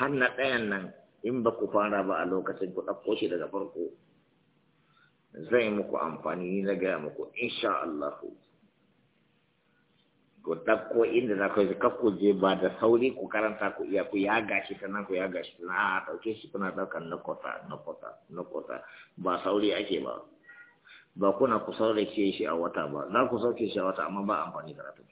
har na ɗayan nan in ba ku fara ba a lokacin ku ɗauko shi daga farko zai muku amfani ni na gaya muku insha Allah ku ɗauko inda za ku kaf ku je ba da sauri ku karanta ku iya ku ya gashi ta nan ku ya gashi ta na a ɗauke shi kuna ɗaukar na kota na kota na kota ba sauri ake ba ba kuna ku saurace shi a wata ba za ku sauke shi a wata amma ba amfani karatu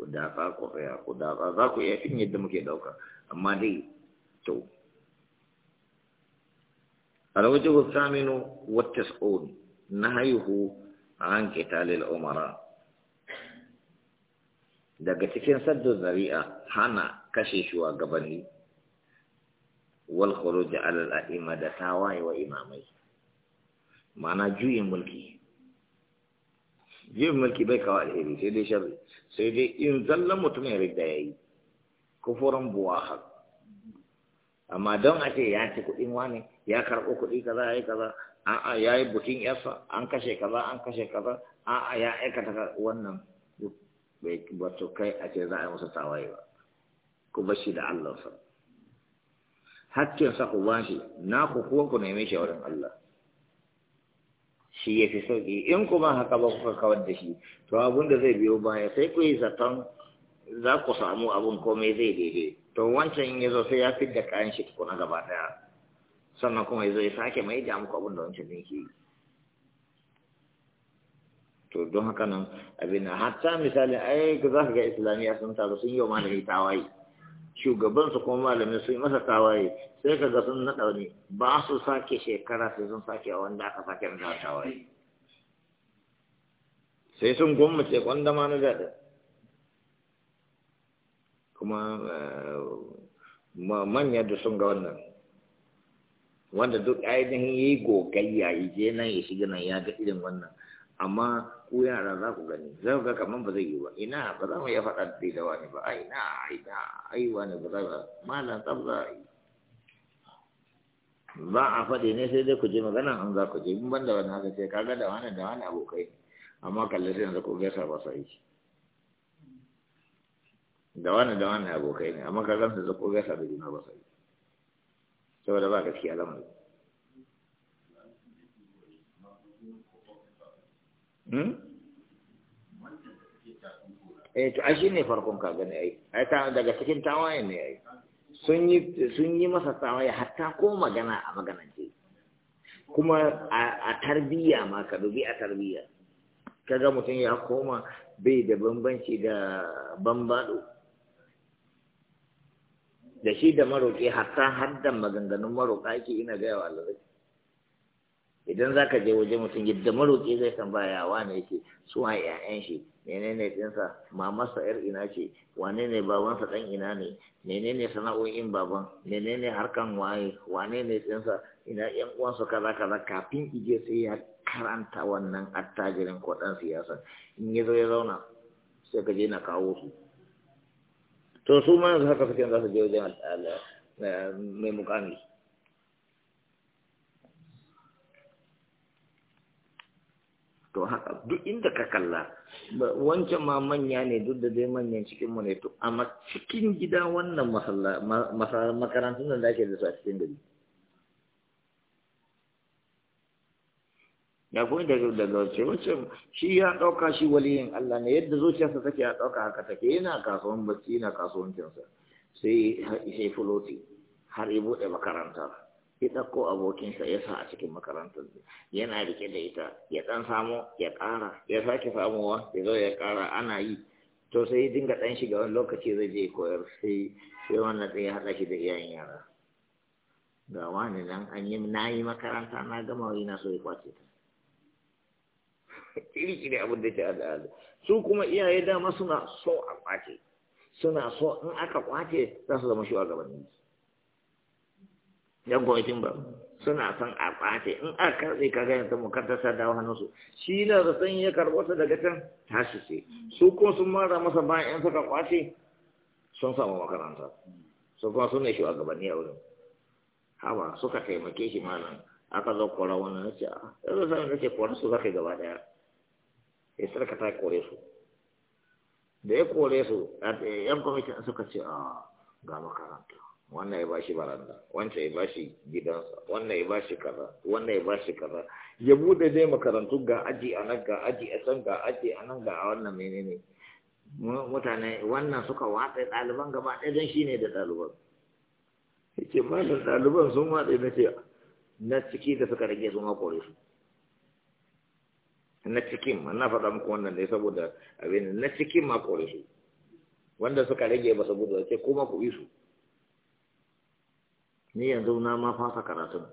ku dafa ku tsaya ku dafa za ku iya fin yadda muke ɗauka amma dai to الوجه na haihu a hanke Talil umara daga cikin saddun zari'a hana kashe shugabanni wal khuruj ala al-a'imma da tawaye wa imamai mana juyin mulki jin mulki bai kawo alheri sai dai sharri sai dai in zallan mutum ya riga ya yi kufuran buwaha amma don a ce ya ci kuɗin wani ya karɓo kuɗi kaza ya yi kaza a'a ya yi bukin yarsa an kashe kaza an kashe kaza a'a ya aikata wannan bai wato kai a ce za a yi masa tawaye ba ku bar shi da hakkin sa ku bashi shi na ku kuwa ku neme shi wurin Allah shi ya fi sauƙi in kuma haka ba kuka kawar da shi to abun da zai biyo baya sai ku yi zaton za ku samu abun komai zai daidai to wancan in ya zo sai ya fi da kayan shi tukuna gaba ɗaya sannan kuma ya zo ya sake mai da muku abun da wancan ne ke to don haka nan abin hatta misali ai za ka ga islamiyya sun taru sun yi wa malami tawaye shugabansu kuma malamai sun masa tawaye sai ka ga sun na ɗauni ba su sake shekara sai sun sake wanda aka sake na tawaye sai sun gwammace kwanda ma na daɗa kuma eh, manya da sun ga wannan wanda duk ainihin yi gogayya ya je nan ya shiga nan ya ga irin wannan amma ku yara za ku gani za ku ga kamar ba zai yi ba ina ba za mu iya faɗa da da wani ba ai na ai na ai wani ba za ba na tsab za a yi ba a faɗi ne sai dai ku je magana an za ku je in ban da wani haka sai kaga da wani da wani abokai amma kallon sai yanzu ku gaisa ba sa yi da wani da wani abokai ne amma kaga sai ku gaisa da juna ba sa yi saboda ba gaskiya lamarin Hmm? eh to ai ne farkon ka gani ai ai ta daga cikin tawaye ne ai sun yi sun yi masa tawaye ta ko magana a maganance kuma a tarbiyya ma ka dubi a tarbiyya kaga mutum ya koma bai da bambanci da bambado da shi da maroƙi ta haddan maganganun maroƙa ke ina gaya wa Allah idan za ka je waje mutum yadda maroƙi zai tambaya wane yake suwa ‘ya'yan shi menene ɗinsa mamarsa ‘yar ina ce wane ne babansa ɗan ina ne menene sana'o'in baban menene harkan waye wane ne ɗinsa ina ƴan uwansa kaza kaza kafin ije sai ya karanta wannan attajirin ko ɗan siyasa in ya zo ya zauna sai ka je na kawo su to su ma yanzu haka suke za su je wajen eh, mai mukami to haka duk inda ka kalla wancan ma manya ne duk da dai manyan cikin mu ne to amma cikin gida wannan makarantun da ake da su a cikin gari ya kuma daga daga wace wace shi ya ɗauka shi waliyin Allah ne yadda zuciyarsa take ya ɗauka haka take yana kasuwan bacci yana kasuwancinsa sai sai fulotin har ya buɗe makaranta ya ɗauko abokinsa ya sa a cikin makarantar yana rike da ita ya ɗan samo ya ƙara ya sake samuwa ya zo ya ƙara ana yi to sai dinga ɗan shiga wani lokaci zai je koyar sai sai wannan ɗin ya haɗa shi da iyayen yara ga wani nan an yi na yi makaranta na gama wani na so ya kwace ta iri ne abin da ke al'adu su kuma iyaye dama suna so a kwace suna so in aka kwace za su zama shugabanni yan gwaitin ba suna son a ɓace in a karɓe ka ga yanzu mukaddasa ta dawo hannunsu shi na da san ya karɓo su daga can tashi ce su ko sun mara masa bayan in suka kwace sun samu makaranta su kuma su ne shugabanni a wurin hawa suka taimake shi ma nan aka zo kora wannan ce a ah, yanzu sai ce kora su zaka gaba daya sai sarka ta kore su da ya kore su yan kwamitin suka ce a ah, ga makaranta wannan ya bashi baranda wancan ya bashi gidansa wannan ya bashi kaza wannan ya bashi kaza ya bude dai makarantu ga aji a nan ga aji a can ga aji a nan ga a wannan menene mutane wannan suka watsa ɗaliban gaba ɗaya don shi ne da ɗaliban yake ba ɗaliban sun watsa na ce na ciki da suka rage sun haƙore su na cikin ma na faɗa muku wannan ne saboda abin na cikin ma ƙore su wanda suka rage ba su gudu ce kuma ku yi su ni yanzu na ma fasa karatun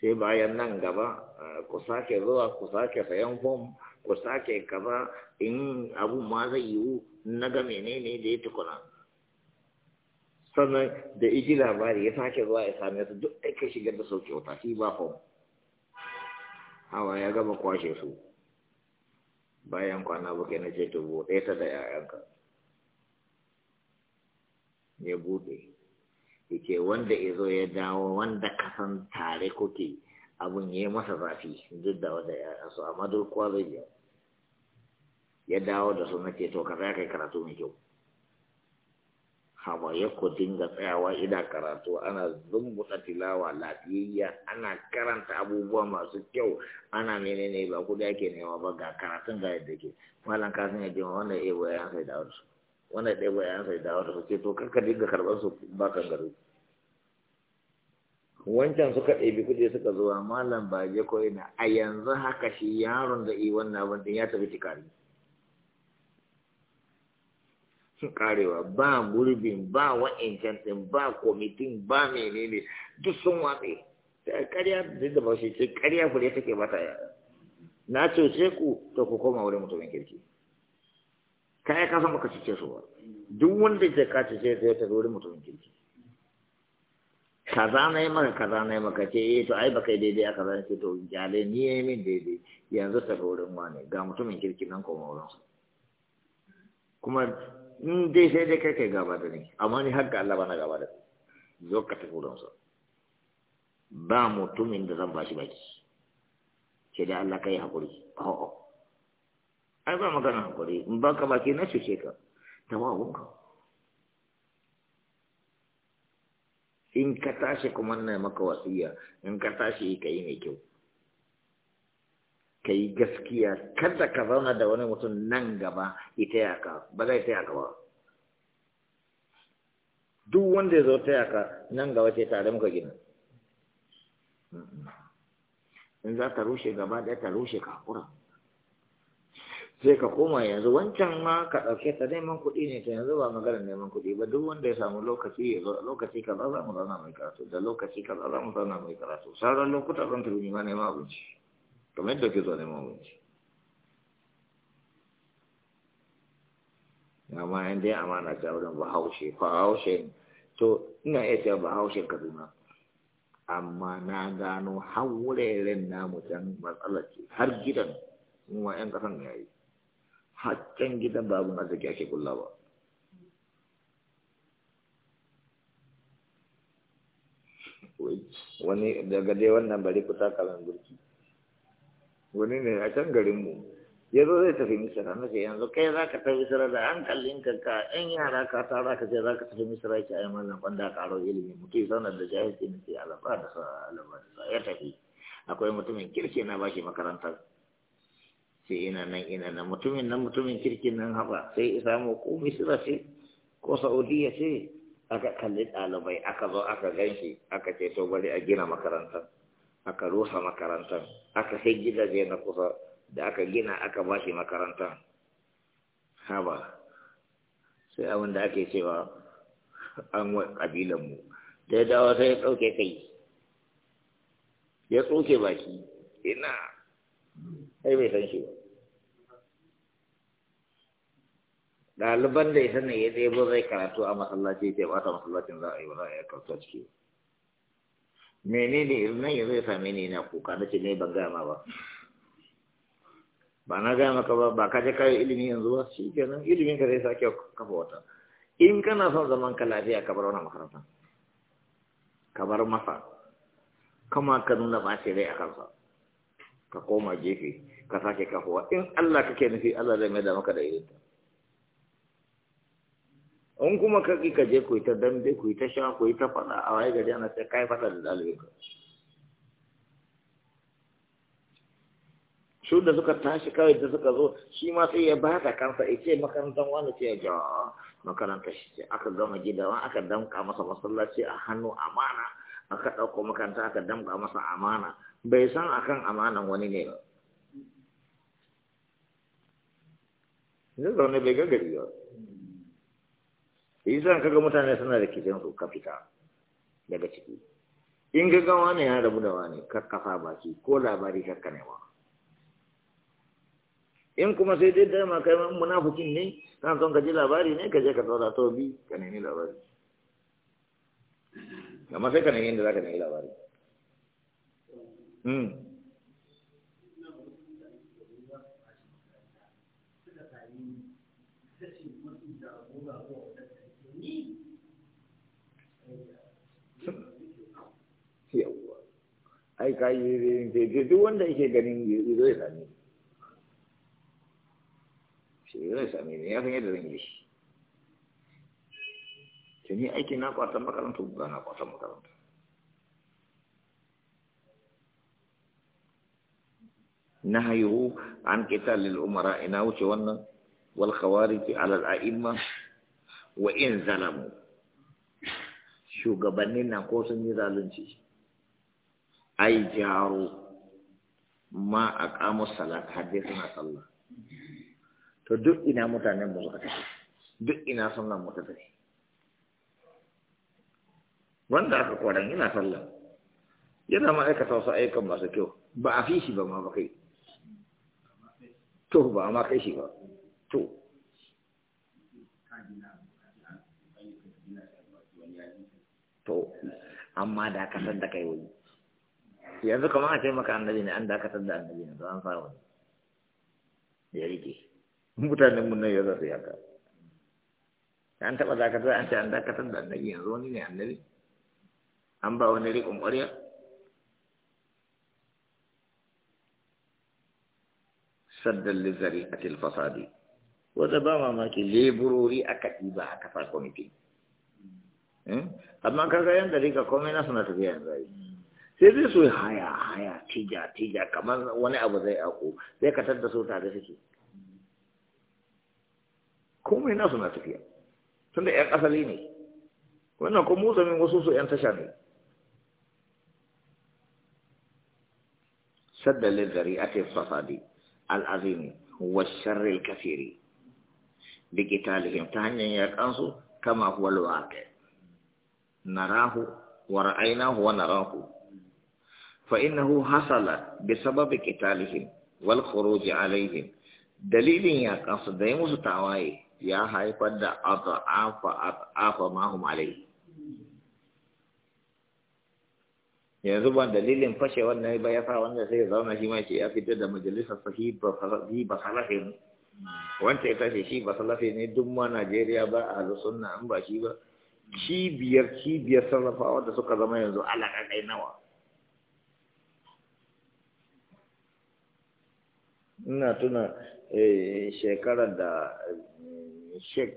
sai bayan nan gaba ku sake zuwa eh, ku sake sayan fom ku sake kaza in abun ma zai yiwu na ga menene da ya tukuna sannan da iji labari ya sake zuwa ya same su duk aika shigar da sauke wata shi ba fom hawa ya gaba kwashe su bayan kwana buke na ce to buɗe ta da 'ya'yanka ya buɗe yake wanda izo ya dawo wanda kasan tare kuke abun ya masa zafi duk da wata ya amma duk zai biya ya dawo da suna ke to kaza kai karatu mai kyau hawa ya ku dinga tsayawa ina karatu ana zumbuta tilawa lafiyayya ana karanta abubuwa masu kyau ana nene ne ba ku ake nema ba ga karatun ga yadda ke malam kasan ya jima wanda ya yi sai da wasu wannan ɗaya bayan sai da wata suke to ka dinga karɓar su ba ka gari wancan suka ɗebi kuɗi suka zuwa malam ba je ko ina a yanzu haka shi yaron da yi wannan abin din ya tafi tikari sun karewa ba gurbin ba wa'incan ɗin ba kwamitin ba menene duk sun watse ƙarya duk da ba shi ce ƙarya fure take bata na cuce ku to ku koma wurin mutumin kirki kai ka san baka cice su ba duk wanda ke ka cice sai ta da mutumin kirki kaza na yi maka kaza na yi maka ce eh to ai baka daidai aka zan ce to jale ni yi min daidai yanzu ta wurin wane ga mutumin kirki nan ko mauran kuma in dai sai dai kai kai gaba da ni amma ni har ga Allah bana gaba da ni zo ka tafi wurin sa ba mutumin da zan bashi baki ke da Allah kai hakuri a'a ai ba magana hakuri in ba ka baki na cuce ka tawawun ka in ka tashi kuma na maka wasiya in ka tashi ka yi mai kyau ka yi gaskiya kada ka zauna da wani mutum nan gaba ita ya ka ba zai ta ya ba duk wanda ya zo ta ya ka nan gaba ce tare muka gina in za ta rushe gaba ɗaya ta rushe ka sai ka koma yanzu wancan ma ka ɗauke ta neman kuɗi ne ta yanzu ba maganar neman kuɗi ba duk wanda ya samu lokaci ya lokaci kaza za mu zauna mai karatu da lokaci kaza za mu zauna mai karatu sauran lokuta zan tafi nema neman abinci kamar yadda ke zo neman abinci amma yan dai amana ta wurin bahaushe bahaushe to ina iya cewa bahaushe kaduna amma na gano har namu can matsalar ce har gidan mu 'yan ƙasan yayi haƙƙin gidan babu na zaki ake kullawa wani daga dai wannan bari ku taka min wani ne a can garinmu ya zo zai tafi misira na ce yanzu kai za ka tafi misira da an kallin ka ka yan yara ka ta za ka ce za ka tafi misira ki ayi mazan kwanda karo ilimi mutum sanar da jahilci na ce alaba da sa alaba da sa ya tafi akwai mutumin kirki na bashi makarantar ce ina nan ina nan mutumin nan mutumin kirkin nan haba sai isa mu ko misira ce ko saudiya ce aka kalli ɗalibai aka zo aka gan shi aka ce to bari a gina makarantar aka rusa makarantar aka sai gidaje na kusa da aka gina aka ba shi makarantar haba sai abin da ake cewa an wa ƙabilanmu da ya dawo sai ya ɗauke kai ya tsoke baki ina ai bai san shi ba ɗaliban da ita ne ya ɗebo zai karatu a masallaci ta bata masallacin za a yi wa za a yi karatu a ciki Menene ne nan ya zai same ni na kuka na ce ne ban gama ba ba na gaya maka ba ba ka je kayo ilimi yanzu ba shi nan ilimin ka zai sake kafa wata in kana son zaman ka lafiya ka bar wani makaranta ka bar masa kama ka nuna ba ce rai a kansa ka koma gefe ka sake kafuwa in Allah kake nufi Allah zai mai da maka da irinta in kuma ka ka je ku ta dambe ku ta sha ku ta faɗa a waye gari ana sai kai faɗa da ka su da suka tashi kawai da suka zo shi ma sai ya baka kansa ya ce makarantar wani ce ya makarantar shi ce aka gama gidawa aka damka masa masallaci a hannu amana aka ɗauko makaranta aka damka masa amana bai san akan amanan wani ne ba zai zaune bai gagari ba yasa kaga mutane suna da kicin su ka fita daga ciki in ga gawa ne ya rabu da wani kafa baki ko labari kakka ne in kuma sai dai dama kai munafikin ne kan son ka ji labari ne ka je ka tsara to bi ka nemi labari amma sai ka nemi inda za ka nemi labari hmm. ai ka yi daidai duk wanda yake ganin zai same shi zai same ne ya san yadda zan yi shi ta ni aiki na kwatan makaranta ba na kwatan makaranta na haihu an kita lil umara ina wuce wannan wal khawariji ala al a'imma wa in zalamu shugabannin na ko sun yi zalunci ai jaro ma a kamo salat hadde suna sallah to duk ina mutanen mu suka tafi duk ina sallan mu ta tafi wanda aka kwaran yana sallah yana ma wasu ayyukan masu kyau ba a fi shi ba ma ba kai to ba ma kai shi ba to to amma da ka san da kai wani yanzu kamar a ce maka annabi ne an dakatar da annabi ne an fara wani da ya rike mutanen mun nan ya zasu yaka an taɓa dakatar an ce an dakatar da annabi yanzu wani ne annabi an ba wani riƙon ƙwarya saddan lizari a tilfasadi wata ba mamaki leburori aka ɗiba a kafa kwamiti hmm? amma kaga yan dariƙa komai na suna tafiya yanzu sai zai so haya haya tija tija kamar wani abu zai ako sai ka da su tare suke komai nasu na tafiya tunda yan asali ne wannan ko min wasu su yan tasha ne sadda lizari ce fasadi al'azini wa sharril kafiri da kitalihim ta hanyar yakansu kama huwa lwaƙe narahu wa ra'ainahu huwa narahu فإنه حصل بسبب قتالهم والخروج عليهم دليل يا قصد يمس تعواي يا هاي قد أضعاف أضعاف ما هم عليه yanzu ba dalilin fashe wannan ba ya sa wanda sai ya zauna shi ma ce ya fitar da majalisar sahi ba salafi ne wanda ya tashi shi ba salafi ne duk ma Najeriya ba a sunna an ba shi ba cibiyar cibiyar sarrafawa da suka zama yanzu alaƙa nawa ina tuna eh, shekarar da eh, shek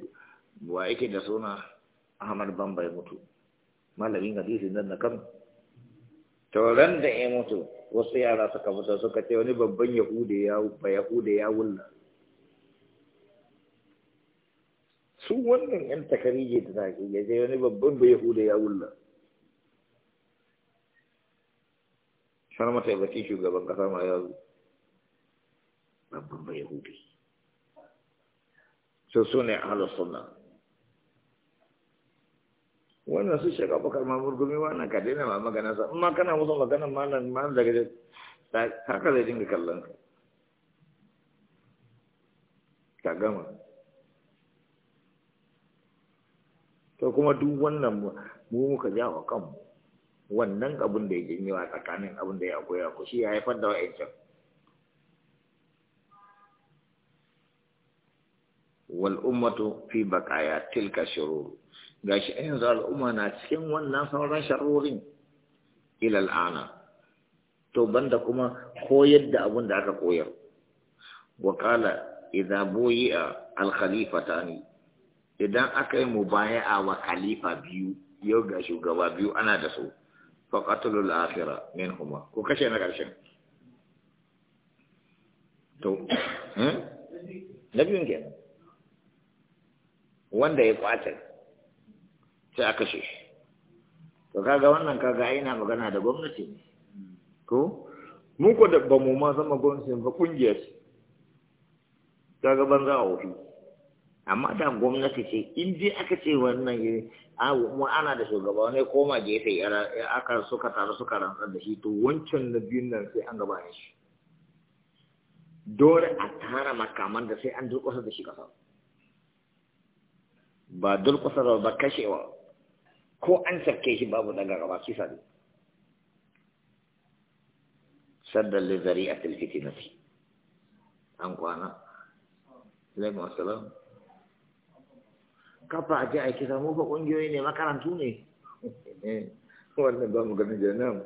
wa yake da suna ahmad bambai mutu malamin hadisi nan na kan tauran da ya mutu wasu yara suka mutu suka ce wani babban yahude ya ba yahude ya wulla su wannan yan takarije da zaki ya ce wani babban ba yahude ya wulla sanar mata yabaki shugaban kasa ma ya babban bai hudu su su ne ahalar suna wannan su shiga bakar mamur gumi wannan ka daina ma magana sa amma kana musu magana malam malam daga haka zai dinga kallon ka ka gama to kuma duk wannan mu muka jawo kanmu wannan abin da ya janyo a tsakanin abin da ya koya ku shi ya haifar da wa'ancan wal ummatu fi baqaya tilka shurur gashi yanzu al'umma na cikin wannan sauran sharurin ila al'ana to banda kuma koyar da abun da aka koyar wa qala idza buyi'a al khalifatani idan aka yi mubaya'a wa khalifa biyu yau ga shugaba biyu ana da su faqatul min huma ko kashe na karshen to eh hmm? nabiyun kenan wanda ya kwace sai aka shi to kaga wannan kaga ina magana da gwamnati ne ko mu ko da ba mu ma zama gwamnati ba kungiya ce kaga banza a wofi amma da gwamnati ce in dai aka ce wannan ya eh, mu ana da shugaba ne koma gefe ya aka suka taru suka rantsar da shi to wancan na biyun nan sai an gaba shi dole a tara makaman da sai an wasu da shi ƙasa ba durkusarwa ba kashewa ko an sarke shi babu daga gaba kisa ne saddan lizari al fitnati an kwana alaikum assalam kafa a je a kisa mu fa kungiyoyi ne makarantu ne wannan ba mu gani jana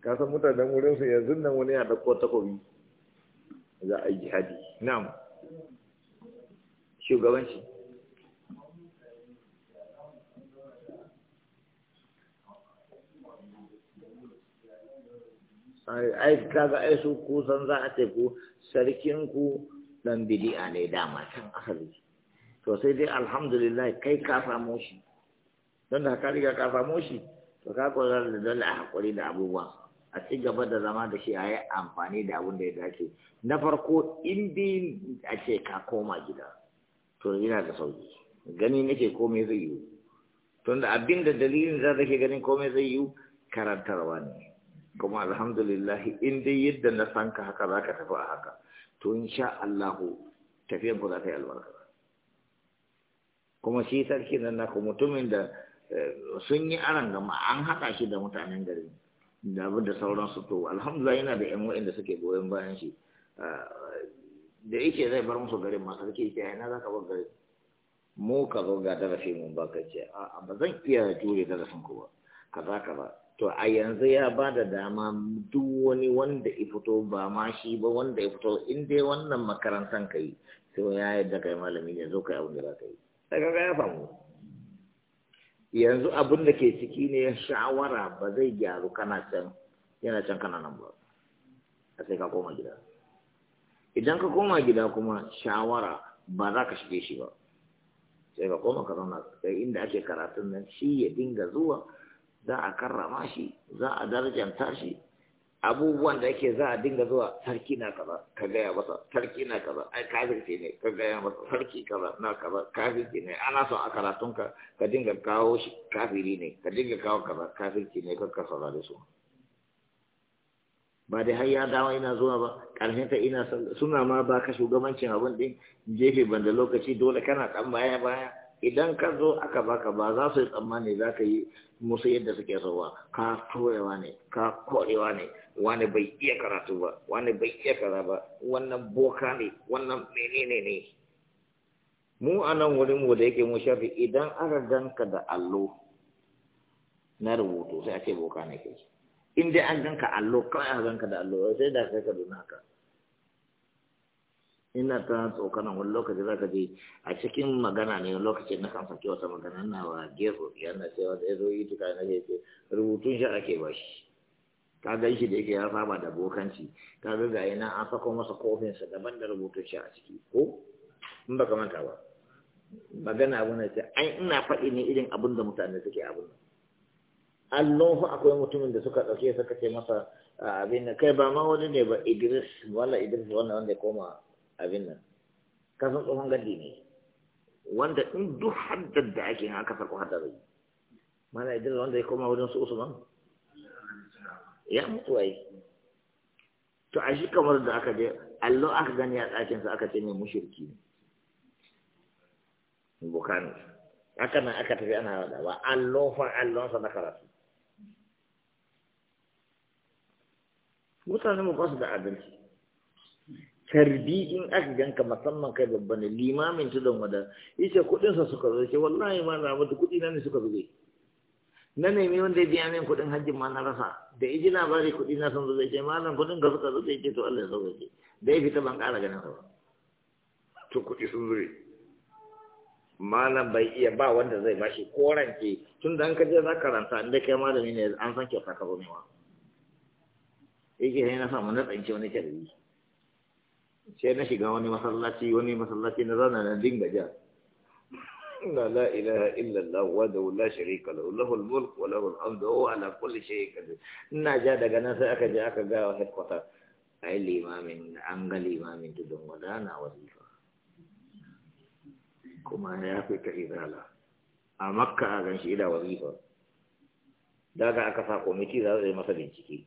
ka san mutanen wurin su yanzu nan wani ya dauko takobi za a yi jihadi na'am shugabanci ai kaga ai su ku san za a ce ku sarkin ku dan bid'a ne dama can asali to sai dai alhamdulillah kai ka samu shi don da ka riga ka samu shi to ka koyar da dole a hakuri da abubuwa a ci gaba da zama da shi a yi amfani da abin da ya dace na farko in bi a ce ka koma gida to yana da sauki gani nake komai zai yiwu tunda abin da dalilin za ta ke ganin komai zai yiwu karantarwa ne kuma alhamdulillah in dai yadda na san ka haka za ka tafi a haka to sha Allahu tafiyan ku za ta yi albarka kuma shi sarki nan na kuma mutumin da eh, sun yi aran gama an haɗa shi da mutanen gari da abin da sauran su to alhamdulillah yana da yan da suke goyon bayan shi ah, da yake zai bar musu garin masu sarki yake yana za ka bar garin mu ka zo ga darasi mun ba ka ce a ba zan iya jure darasin ku ba kaza kaza to a yanzu ya ba da dama duk wani wanda ya fito ba ma shi ba wanda ya fito in dai wannan makarantar ka yi sai ya yadda kai malami ne zo kai abin da za ka yi daga ga ya famu yanzu abin da ke ciki ne shawara ba zai gyaru kana can yana can kana nan ba a sai ka koma gida idan ka koma gida kuma shawara ba za ka shige shi ba sai ka koma ka zauna sai inda ake karatun nan shi ya dinga zuwa za a karrama shi za a darajanta shi abubuwan da yake za a dinga zuwa sarki na kaza ka gaya masa sarki na kaza ai kafirce ne ka gaya masa sarki kaza na kaza kafirce ne ana son a karatun ka ka dinga kawo shi kafiri ne ka dinga kawo kaza kafirce ne ka ka da su ba dai har ya dawo ina zuwa ba karshen ta ina suna ma ba ka shugabancin abin din jefe banda lokaci dole kana dan baya baya idan ka zo aka baka ba za su yi tsammani za ka yi musu yadda suke so ba ka turewa ne ka korewa ne wani bai iya karatu ba wani bai iya kara ba wannan boka ne wannan menene ne mu a nan wurin mu da yake mu shafi idan aka ganka da allo na rubutu sai a ce boka ne ke in dai an ganka allo kawai gan ganka da allo sai da kai ka duna ka ina ta tsokanan wani lokaci za ka je a cikin magana ne lokacin na kan saki wata magana na wa gefe yana cewa da ya zo yi tuka na ce rubutun shi ake ba shi ka gan shi da yake ya saba da bokanci ka ga ga yana an sako masa kofinsa daban da rubutun shi a ciki ko in baka manta ba magana abu na ce an ina faɗi ne irin abin da mutane suke abin nan allahu akwai mutumin da suka ɗauke suka ce masa abin da kai ba ma wani ne ba idris wala idris wannan wanda ya koma abin nan kasan tsohon gadi ne wanda in duk haddar da ake yin aka farko haddar yi mana idan wanda ya koma wajen su usman ya mutu ai to a shi kamar da aka je allo aka gani a tsakinsa aka ce mai mushirki ne bukani haka nan aka tafi ana da ba allo fa sa na karatu mutane mu ba su da abinci tarbi in aka ganka musamman kai babba ne limamin tudun wada yace kudin sa suka zo ce wallahi ma na mutu kudi na ne suka zube na nemi wanda ya biya min kudin hajjin ma na rasa da iji labari kudi na san zube ce malam kudin ka suka zo ce to Allah ya ce. da ya fita ban kara ganin sa ba to kudi sun zube malam bai iya ba wanda zai bashi korance tun da an kaje za ka ranta inda kai malami ne an san kyauta ka zo wa yake ne na samu na tsanci wani kyarbi sai na shiga wani masallaci wani masallaci na zana na dinga ja inna la ilaha allah wa da la sharika lahu lahul mulk wa lahul hamdu wa ala kulli shay'in qadir ina ja daga nan sai aka je aka ga wa headquarter ai limamin an ga limamin tudun wadana wazifa kuma ya fi ta izala a makka a ganshi ida wazifa daga aka sa komiti za su yi masa bincike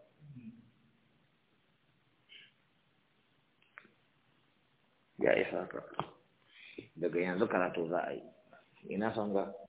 ya isa ka? daga yanzu karatu za a yi ina son ga